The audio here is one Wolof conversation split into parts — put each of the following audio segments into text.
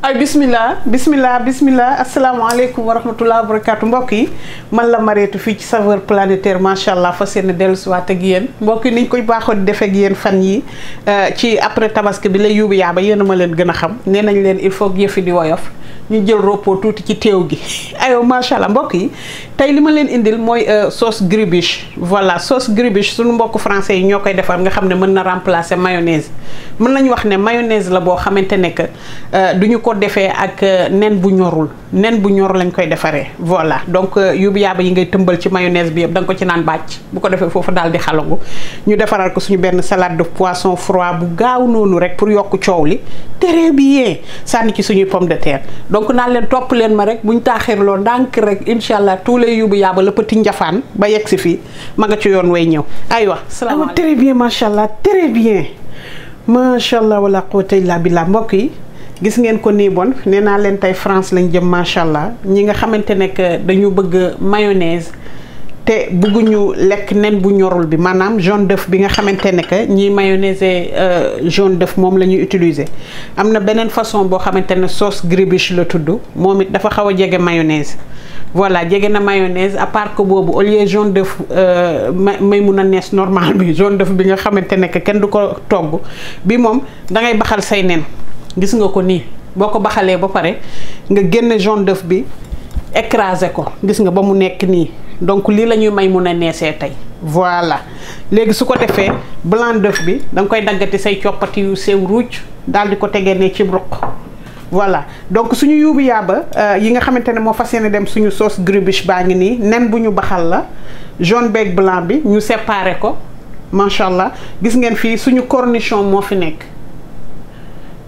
ay bismillah bismillah bismillah asalaamaaleykum wa rahmatulah wa barakaatu mbokk yi man la mareetu fii ci saveur planetaire macha allah fa seen dellusiwaat ak yéen mbokk yi niñ koy baaxoo di defee yéen fan yi euh, ci après tabaski bi lay yóbbu yaaba yéen ma leen gën a xam nee nañ leen il faut yëfi di woyof. ñu jël repos tuuti ci teew gi ayo macha mbokk yi tey li ma leen indil mooy euh, sauce gribiche voilà sauce gribiche suñu mbokk français yi ñoo koy defar nga xam ne mën na remplacer mayonnaise mën nañu wax ne mayonnaise la boo xamante ne que euh, duñu ko defee ak euh, nen bu ñorul nen bu ñor lañ koy defaree voilà donc yóbbu yaaba yi ngay tëmbal ci mayonnaise bi yëpp da ko ci naan bàcc bu ko defee foofu daal di xalangu ñu defaral ko suñu benn salade de poisson froid bu gaaw noonu rek pour yokk coow li très bien sànni ci suñuy pomme de terre donc naan leen topp leen ma rek bu ñu taaxirloo ndànk rek incha allah tous les yóbbu yaaba la petit njafaan ba yegg si fii ma nga ci yoon way ñëw aywa. salaamaaleykum ah, très bien macha allah très bien macha allah wala quwwata illa billah mbokk yi. gis ngeen ko nii bon nee naa leen tey France lañ jëm macha allah ñi nga xamante ne que dañu bëgg mayonnaise. te bëgguñu lekk nen bu ñorul bi maanaam jaune d'œuf bi nga xamante ne que ñiy mayonnaise euh, jaune d'œuf moom la ñuy utiliser am na beneen façon boo xamante ne soos gribiche la tudd moom it dafa xaw a jege mayonnaise voilà jege na mayonnaise à part que boobu au lieu jaune d'œuf euh, may mun a nes normal bi jaune d'œuf bi nga xamante ne que kenn du ko togg bi moom da ngay baxal say nen gis nga ko nii boo ko baxalee ba pare nga génn jaune d'œuf bi écraser ko gis nga ba mu nekk nii donc lii la ñuy may mun a neesee tey voilà léegi su ko defee blanc d'œuf bi da nga koy daggati say coppati yu sew ruuj daal di ko tegee ne ci ruq voilà donc suñu yuubu yaaba euh, yi nga xamante ne moo fas yéene dem suñu sauce gribiche baa ngi nii nen bu ñu baxal la jaune beeg blanc bi ñu séparé ko macha allah gis ngeen fii suñu cornichon moo fi nekk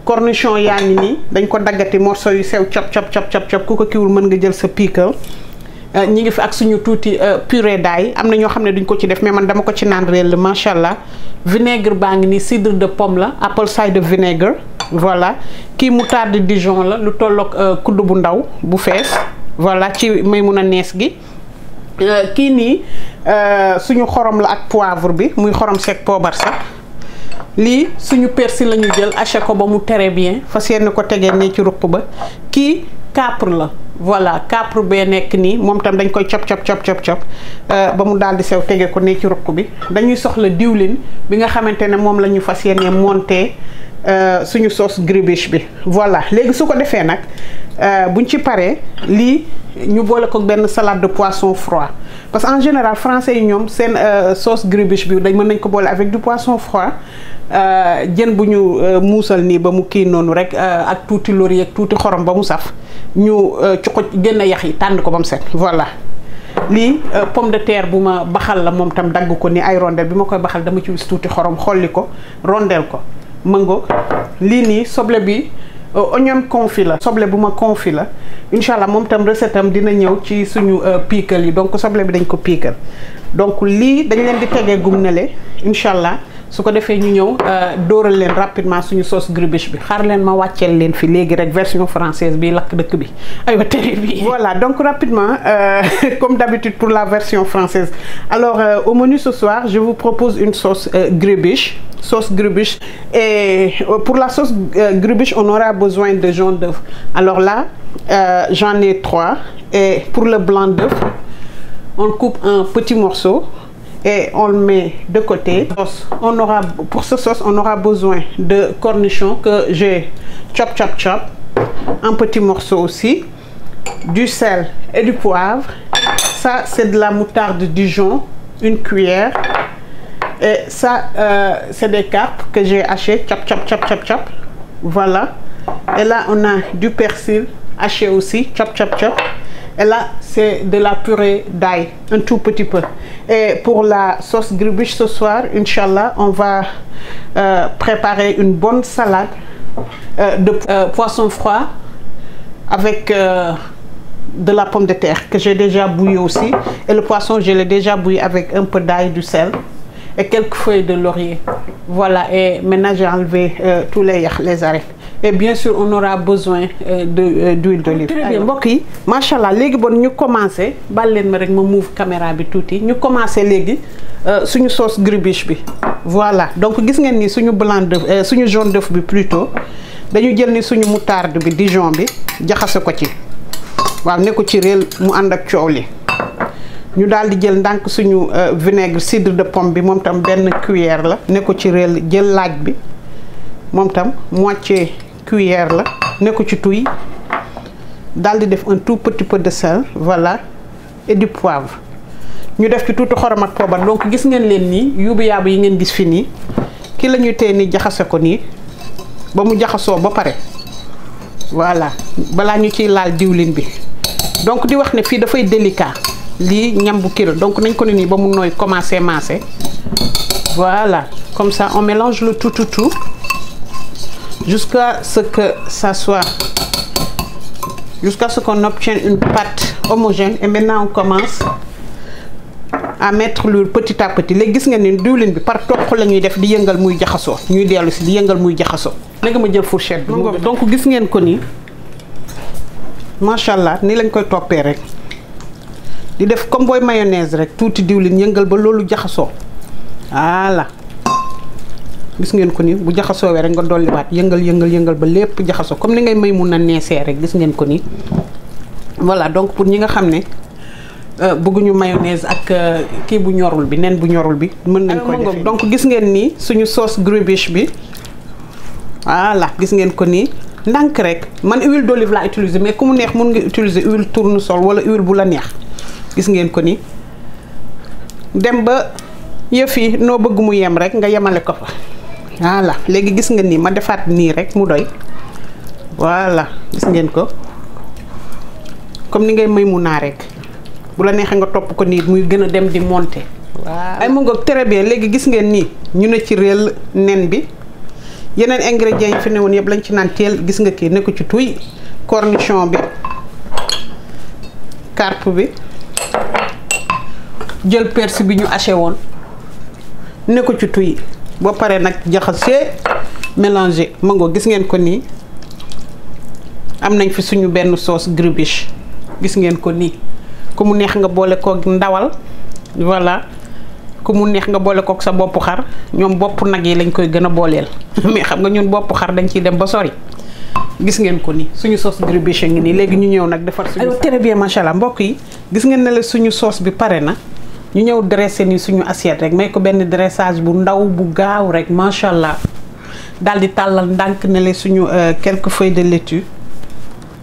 cornichon yaa ngi nii dañ ko daggati morceau yu sew cop cop cop cop ku ko kiwul mën nga jël sa piikal Euh, ñi ngi fi ak suñu tuuti euh, purée d'ail am na ñoo xam ne duñ ko ci def mais man dama ko ci naan réel la macha allah vinaigre baa ngi nii cidre de pomme la apple de vinegar voilà kii moutarde dijon la lu tolloog euh, kudd bu ndaw bu fees voilà ci may mun a nees gi. kii nii suñu xorom la ak poivre bi muy xorom sec poobar sax lii suñu persil la jël haché ko ba mu tere bien fas yéene ko tegee ne ci ruq ba kii capre la. voilà capre bee nekk nii moom tam dañ koy cop cop cop cop euh, ba mu daal di sew tege ko ne ci ruq bi dañuy soxla diwlin bi nga xamante ne moom la ñu fas yéenee monter euh, suñu sauce gribiche bi voilà léegi su ko defee nag Euh, buñ ci paré li ñu boole ko ben salade de poisson froid parce en général français ñom sen euh, sauce gribiche bi dañ mënañ ko avec du poisson froid euh bu buñu euh, moussal ni ba mu ki nonu rek ak touti lori ak touti xorom ba mu saf ñu ci génn yax yi ko bam voilà li pomme de terre buma baxal la mom tam dag ko ni ay rondel bima koy baxal dama ci wis touti xorom xolli rondel ko mëngo li ni soble bi Euh, oignon confit la soble bu ma confit la incha allah moom tam recette am dina ñëw ci suñu euh, piikal yi donc soble bi dañ ko piikal donc lii dañ leen di tegee gum le incha allah su ko defee ñu ñëw euh, dóoral leen rapidement suñu sauce grubiche. bi xar leen ma waccel leen fi légui rek version française bi lakk dëkk bi wa télé bi. voilà donc rapidement euh, comme d'habitude pour la version française alors euh, au menu ce soir je vous propose une sauce grubiche. sauce grubiche. et pour la sauce grubiche, on aura besoin de jaune d'œuf alors là j'en ai trois et pour le blanc d'œuf on coupe un petit morceau et on le met de côté. On aura, pour ce sauce, on aura besoin de cornichons que j'ai chop chop chop, un petit morceau aussi, du sel et du poivre. Ça, c'est de la moutarde Dijon, une cuillère. Et ça, euh, c'est des carpes que j'ai hachées. chop chop chop chop chop. Voilà. Et là, on a du persil haché aussi, chop chop chop. Et là, c'est de la purée d'ail, un tout petit peu. Et pour la sauce gribiche ce soir, Inch'Allah, on va euh, préparer une bonne salade euh, de euh, poisson froid avec de la pomme de terre que j'ai déjà bouillie aussi. Et le poisson, je l'ai déjà bouilli avec un peu d'ail, du sel et quelques feuilles de laurier. Voilà, et maintenant j'ai enlevé tous les, les arêtes et bien sûr on aura besoin euh, de euh, d'huile d'olive très bien mbokk yi macha allah bon ñu commencer, bal leen ma rek ma move caméra bi nous ñu légui euh suñu sauce gribiche bi voilà donc gis ngeen ni suñu blanc d'œuf euh, suñu jaune d'œuf bi plutôt dañu jël ni suñu moutarde bi dijon bi jaxase ko ci waaw ne ko ci réel mu ànd ak coow li ñu daal di jël ndank suñu vinaigre cidre de pomme bi mom tam ben cuillère la ne ko ci réel jël laaj bi mom tam moitié cuillère ne ci un tout petit peu de sel voilà et du poivre ñu def ci tout xorom ak pobal donc gis ngeen len ni ngeen gis fini. ki lañu ko ba mu fini. ba paré voilà ñu ci laal diwlin bi donc di wax fi délicat donc nañ ko ba voilà comme ça on mélange le tout tout tout jusqu'à ce que ça soit jusqu'à ce qu'on obtienne une pâte homogène et maintenant on commence à mettre le petit à petit diwlin bi par la ñuy def di yëngal muy ñuy di yëngal muy jël fourchette donc ko ni lañ koy rek di def comme mayonnaise rek ont diwlin yëngal ba voilà gis ngeen ko ni bu wé rek nga wat yëngal yëngal yëngal ba lepp jaxaso comme ni ngay may mu na nessé rek gis ngeen ko ni voilà donc pour ñi nga xam ne euh, bëgguñu mayonnaise ak euh, ki bu ñorul bi nen bu ñorul bi mën nañ ko def donc gis ngeen ni suñu sauce grubish bi voilà gis ngeen ko ni ndank rek man huile d'olive la utiliser mais kumu neex mën nga utiliser huile tournesol wala huile bu la neex gis ngeen ko ni dem ba yëf yi noo bëgg mu yem rek nga ko fa voilà léegi gis nga nii ma defaat nii rek mu doy voilà gis ngeen ko comme ni ngay may mu naa rek bu la neexee nga topp ko nii muy gën a dem di monter. waaw ay mu ngoog très bien léegi gis ngeen nii ñu ne ci réel nen bi yeneen ingrédients yi fi ne woon yëpp lañ ci naan teel gis nga kii ne ko ci tuy cornichon bi carpe bi jël persil bi ñu haché woon ne ko ci tuy. bo paré nak jaxassé mélanger mango gis ngén ko ni am nañ fi suñu benn sauce gribiche gis ngén ko ni ku mu neex nga bolé ko ndawal voilà ku mu neex nga boole ko sa bop xar ñom bop nak yi lañ koy gëna bolél mais xam nga ñun bop xar dañ ci dem ba sori gis ngén ko ni suñu sauce gribiche ngi ni légui ñu ñëw nak défar suñu très bien machallah mbokk yi gis ngén na la suñu sauce bi pare na ñu ñëw dressé ni suñu assiette rek may ko benn dressage bu ndaw bu gaaw rek macha allah daal di tàllal ndànk ne le suñu euh, quelque feuilles de laitue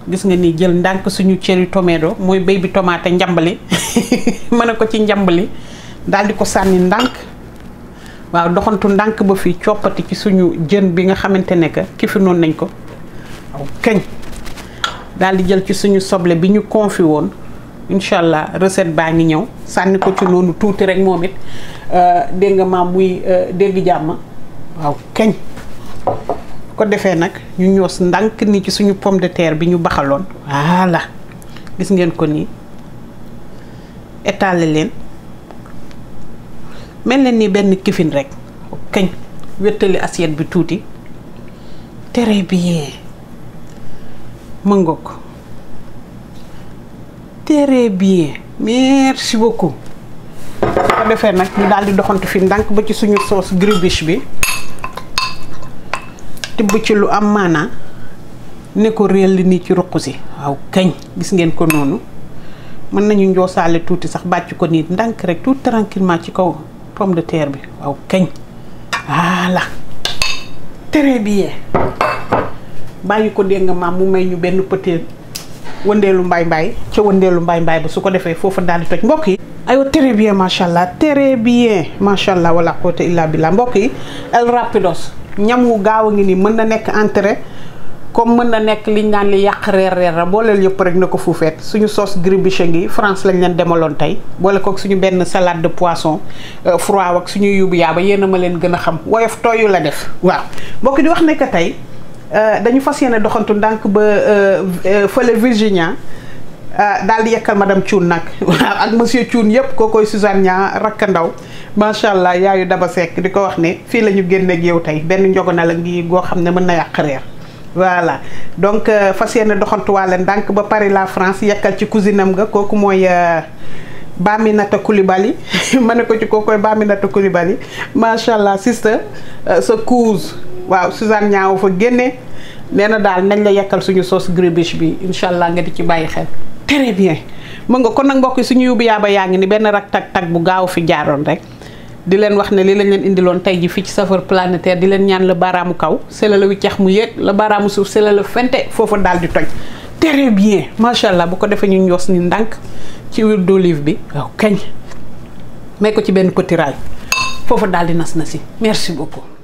gis nga ni jël ndànk suñu cherry tomato mooy béy bi tomaate njambali mën na ko ci njambali daal di ko sànni ndànk waaw doxantu ndànk ba fii coppati ci suñu jën bi nga xamante ne que ki noonu nañ ko waaw kañ di jël ci suñu soble bi ñu confi woon. incha allah recette baa ngi ñëw sànni ko ci noonu tuuti rek moom it euh, dégg nga maam muy euh, dégg jàmm waaw kañ ko defee nag ñu ñoos ndank ni ci suñu pomme de terre bi ñu baxaloon voilà gis ngeen ko nii étaler leen mel leen ni benn kifin rek kañ wéttali assiette bi tuuti très bien mëngoo ko très bien merci beaucoup bu ko defee nag ñu daal di doxantu fi ndànk ba ci suñu soos gribiche bi tibb ci lu am maanaa ne ko réel li nii ci ruq si waaw kañ gis ngeen ko noonu mën nañu njoosaale tuuti sax bàcc ko nii ndànk rek tout tranquillement ci kaw pomme de terre bi waaw kañ voilà très bien bàyyi ko dégg nga maam mu may ñu benn peut wëndeelu mbay mbay ci wëndeelu mbay mbay bu suko ko fofu dal di toj mbokk yi ayo très bien machallah très bien machallah wala qote illa billah mbokk yi el rapidos ñam wu gaaw ngi ni mëna nek entrée comme mëna nek nekk liñ naan li yàq rer reer bo leel yëpp rek nako fu fet suñu sauce gribiche ngi france lañ leen tay bo le ko suñu ben salade de poisson euh, froid ak suñu yubiya ba yeena ma leen gëna xam woyof toyu la def waaw mbokk di wax nek tay Euh, dañu fas yéene doxantu ndànk ba euh, euh, fële Virginia daal di yekkal madame Thioune nag ak monsieur Thioune yëpp koo koy Suzanne Niang rakk ndaw macha allah yaayu Daba Seck di ko wax ne fii la ñu génn ak yow tey benn njogona la ngi goo xam ne mën na yàq reer voilà donc fas yéene doxantuwaale ndànk ba Paris la France yekkal ci cousine nga kooku mooy. Baminata Koulibaly ma ne ko ci kookoy Baminata Koulibaly macha allah sister sa couse waaw Suzanne ñaaw fa génne nee daal nañ la yekkal suñu sauce gribiche bi incha allah nga di ci bàyyi xel. très bien mën nga kon nag mbokk suñu yóbbu yaaba yaa ngi ni benn rak tak tak bu gaaw fi jaaroon rek. di leen wax ne lii lañ leen indiloon tey ji fii ci Saveurs Planétaires di leen ñaan la baaraamu kaw sela la wiccax mu yéeg la baaraamu suuf sela la fente foofa daal di toj très bien macha allah bu ko defee ñu ñoos ni ndànk ci huile d'olive bi waaw kañ may ko ci benn petit raay daal di nas na si merci beaucoup